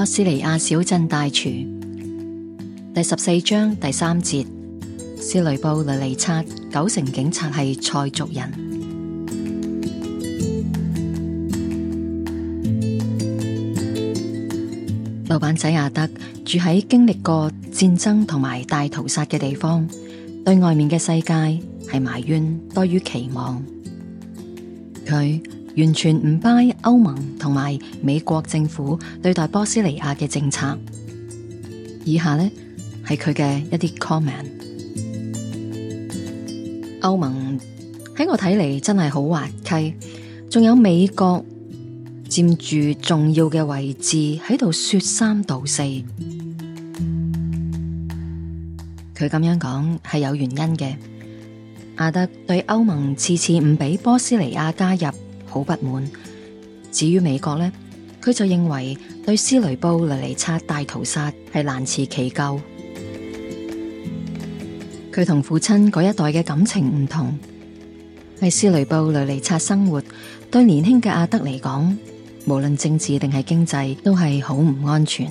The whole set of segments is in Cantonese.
《波斯尼亞小鎮大廚》第十四章第三節：斯雷布雷尼察九成警察係塞族人。老闆仔阿德住喺經歷過戰爭同埋大屠殺嘅地方，對外面嘅世界係埋怨多於期望。佢。完全唔 buy 歐盟同埋美國政府對待波斯尼亞嘅政策。以下呢，係佢嘅一啲 comment。歐盟喺我睇嚟真係好滑稽，仲有美國佔住重要嘅位置喺度説三道四。佢咁樣講係有原因嘅。阿德對歐盟次次唔俾波斯尼亞加入，好不滿。至於美國呢，佢就認為對斯雷布雷尼察大屠殺係難辭其咎。佢同父親嗰一代嘅感情唔同。喺斯雷布雷尼察生活，對年輕嘅阿德嚟講，無論政治定係經濟，都係好唔安全。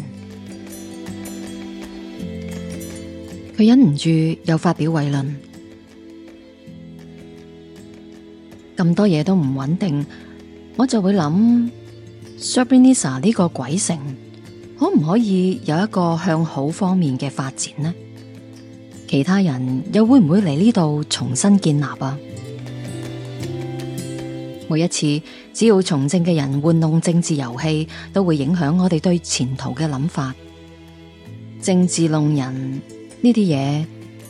佢忍唔住又發表偉論。咁多嘢都唔穩定，我就會諗 ，Srebrenica 呢個鬼城可唔可以有一個向好方面嘅發展呢？其他人又會唔會嚟呢度重新建立啊？每一次只要從政嘅人玩弄政治遊戲，都會影響我哋對前途嘅諗法。政治弄人呢啲嘢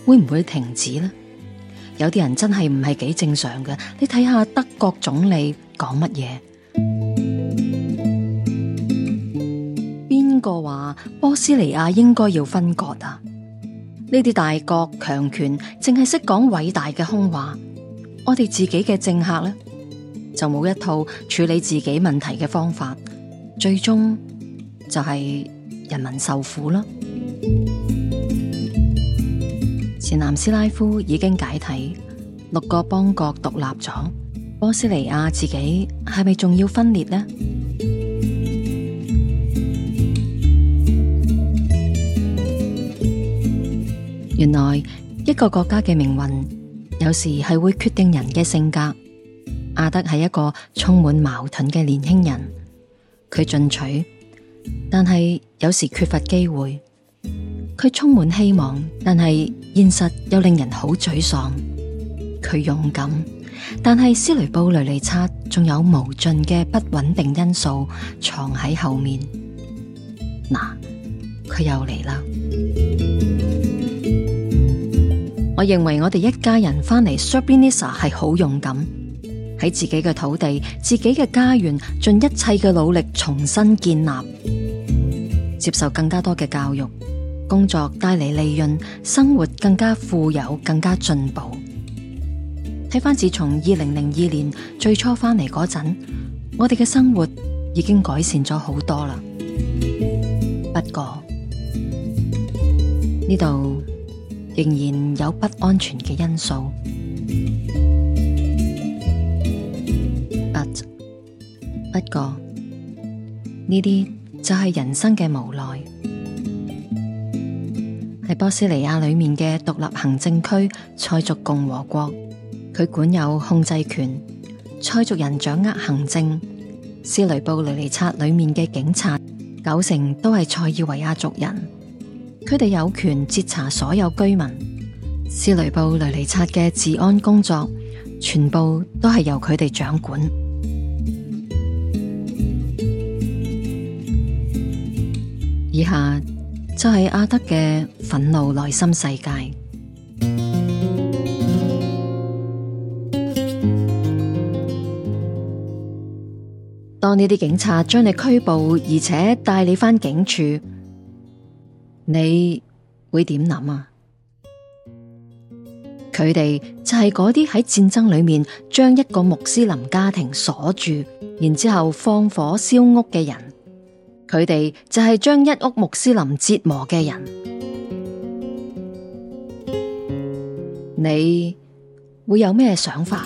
會唔會停止呢？有啲人真係唔係幾正常嘅，你睇下德國總理講乜嘢？邊個話波斯尼亞應該要分割啊？呢啲大國強權淨係識講偉大嘅空話，我哋自己嘅政客咧，就冇一套處理自己問題嘅方法，最終就係人民受苦啦。前南斯拉夫已經解體，六個邦國獨立咗。波斯尼亞自己係咪仲要分裂呢？原來一個國家嘅命運有時係會決定人嘅性格。阿德係一個充滿矛盾嘅年輕人，佢進取，但係有時缺乏機會。佢充滿希望，但係現實又令人好沮喪。佢勇敢，但係斯雷布雷尼察仲有無盡嘅不穩定因素藏喺後面。嗱，佢又嚟啦！ 我認為我哋一家人翻嚟 Srebrenica 係好勇敢，喺自己嘅土地、自己嘅家園，盡一切嘅努力重新建立，接受更加多嘅教育。工作帶嚟利潤，生活更加富有，更加進步。睇翻自從二零零二年最初翻嚟嗰陣，我哋嘅生活已經改善咗好多啦。不過呢度仍然有不安全嘅因素。But 不過呢啲就係人生嘅無奈。喺波斯尼亞裏面嘅獨立行政區塞族共和國，佢管有控制權，塞族人掌握行政。斯雷布雷尼察裏面嘅警察九成都係塞爾維亞族人，佢哋有權截查所有居民。斯雷布雷尼察嘅治安工作全部都係由佢哋掌管。以下。就係、是、阿德嘅憤怒內心世界。當呢啲警察將你拘捕，而且帶你返警署，你會點諗啊？佢哋就係嗰啲喺戰爭裏面將一個穆斯林家庭鎖住，然之後放火燒屋嘅人。佢哋就係將一屋穆斯林折磨嘅人，你會有咩想法？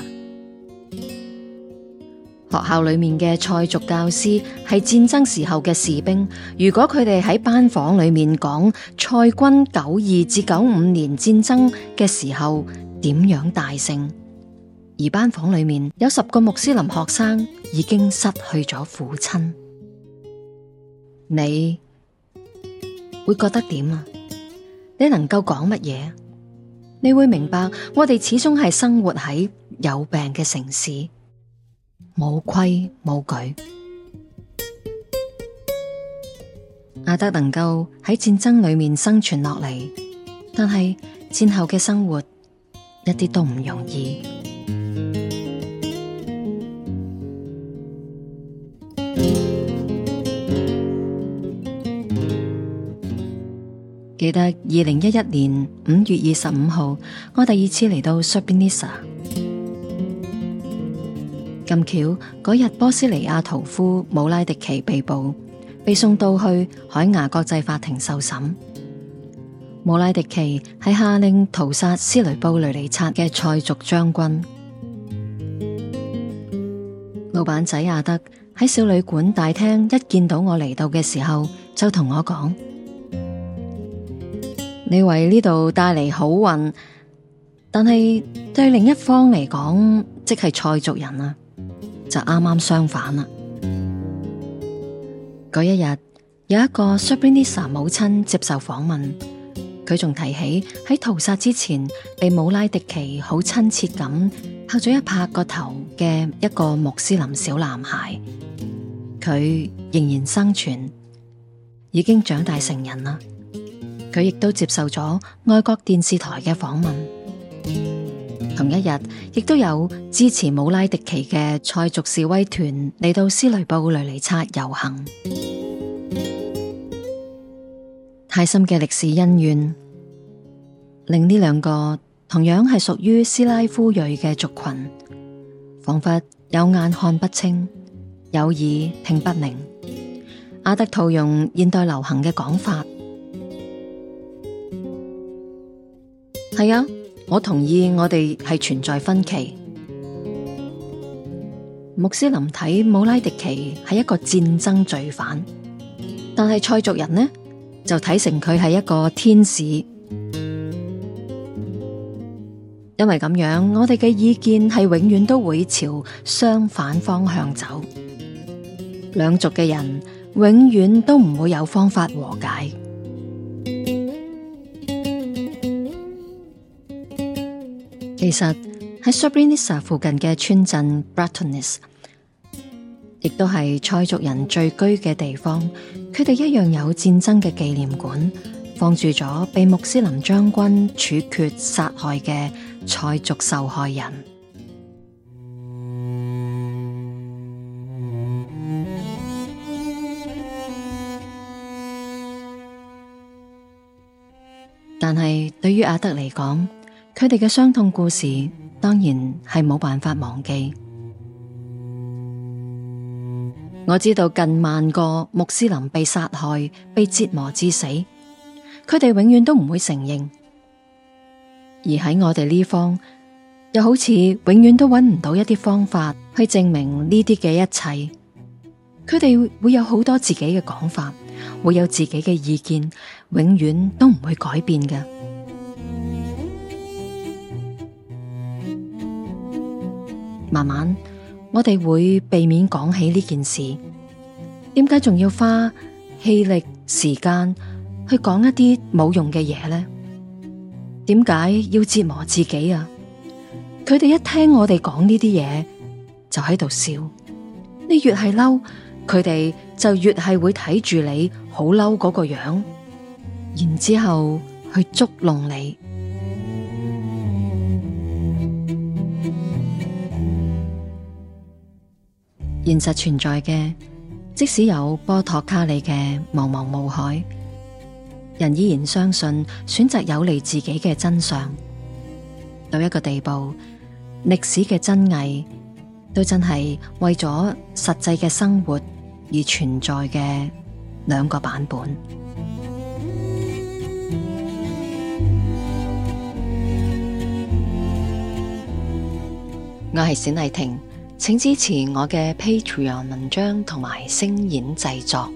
學校裏面嘅塞族教師係戰爭時候嘅士兵，如果佢哋喺班房裏面講塞軍九二至九五年戰爭嘅時候點樣大勝，而班房裏面有十個穆斯林學生已經失去咗父親。你會覺得點啊？你能夠講乜嘢？你會明白我哋始終係生活喺有病嘅城市，冇規冇矩。阿德能夠喺戰爭裏面生存落嚟，但係戰後嘅生活一啲都唔容易。記得二零一一年五月二十五號，我第二次嚟到 Srebrenica。咁巧嗰日，波斯尼亞屠夫姆拉迪奇被捕，被送到去海牙國際法庭受審。姆拉迪奇係下令屠殺斯雷布雷尼察嘅塞族將軍。老闆仔阿德喺小旅館大廳一見到我嚟到嘅時候，就同我講。你為呢度帶嚟好運，但係對另一方嚟講，即係塞族人啦，就啱啱相反啦。嗰一日，有一個 Srebrenica 母親接受訪問，佢仲提起喺屠殺之前，被姆拉迪奇好親切咁拍咗一拍個頭嘅一個穆斯林小男孩，佢仍然生存，已經長大成人啦。佢亦都接受咗外國電視台嘅訪問。同一日，亦都有支持姆拉迪奇嘅塞族示威團嚟到斯雷布雷尼察遊行。太深嘅歷史恩怨，令呢兩個同樣係屬於斯拉夫裔嘅族群，仿佛有眼看不清，有耳聽不明。阿德圖用現代流行嘅講法。係啊，我同意，我哋係存在分歧。穆斯林睇姆拉迪奇係一個戰爭罪犯，但係塞族人呢就睇成佢係一個天使。因為咁樣，我哋嘅意見係永遠都會朝相反方向走，兩族嘅人永遠都唔會有方法和解。其實喺 Srebrenica 附近嘅村鎮 Bratunac 亦都係塞族人聚居嘅地方，佢哋一樣有戰爭嘅紀念館，放住咗被穆斯林將軍處決殺害嘅塞族受害人。但係對於阿德嚟講，佢哋嘅傷痛故事，當然係冇辦法忘記。我知道近萬個穆斯林被殺害、被折磨致死，佢哋永遠都唔會承認。而喺我哋呢方，又好似永遠都搵唔到一啲方法去證明呢啲嘅一切。佢哋會有好多自己嘅講法，會有自己嘅意見，永遠都唔會改變嘅。慢慢，我哋會避免講起呢件事。點解仲要花氣力時間去講一啲冇用嘅嘢呢？點解要折磨自己啊？佢哋一聽我哋講呢啲嘢，就喺度笑。你越係嬲，佢哋就越係會睇住你好嬲嗰個樣，然之後去捉弄你。現實存在嘅，即使有波托卡里嘅茫茫霧海，人依然相信選擇有利自己嘅真相，到一個地步，歷史嘅真偽都真係為咗實際嘅生活而存在嘅兩個版本。我係冼麗婷。請支持我嘅 Patreon 文章同埋聲演製作。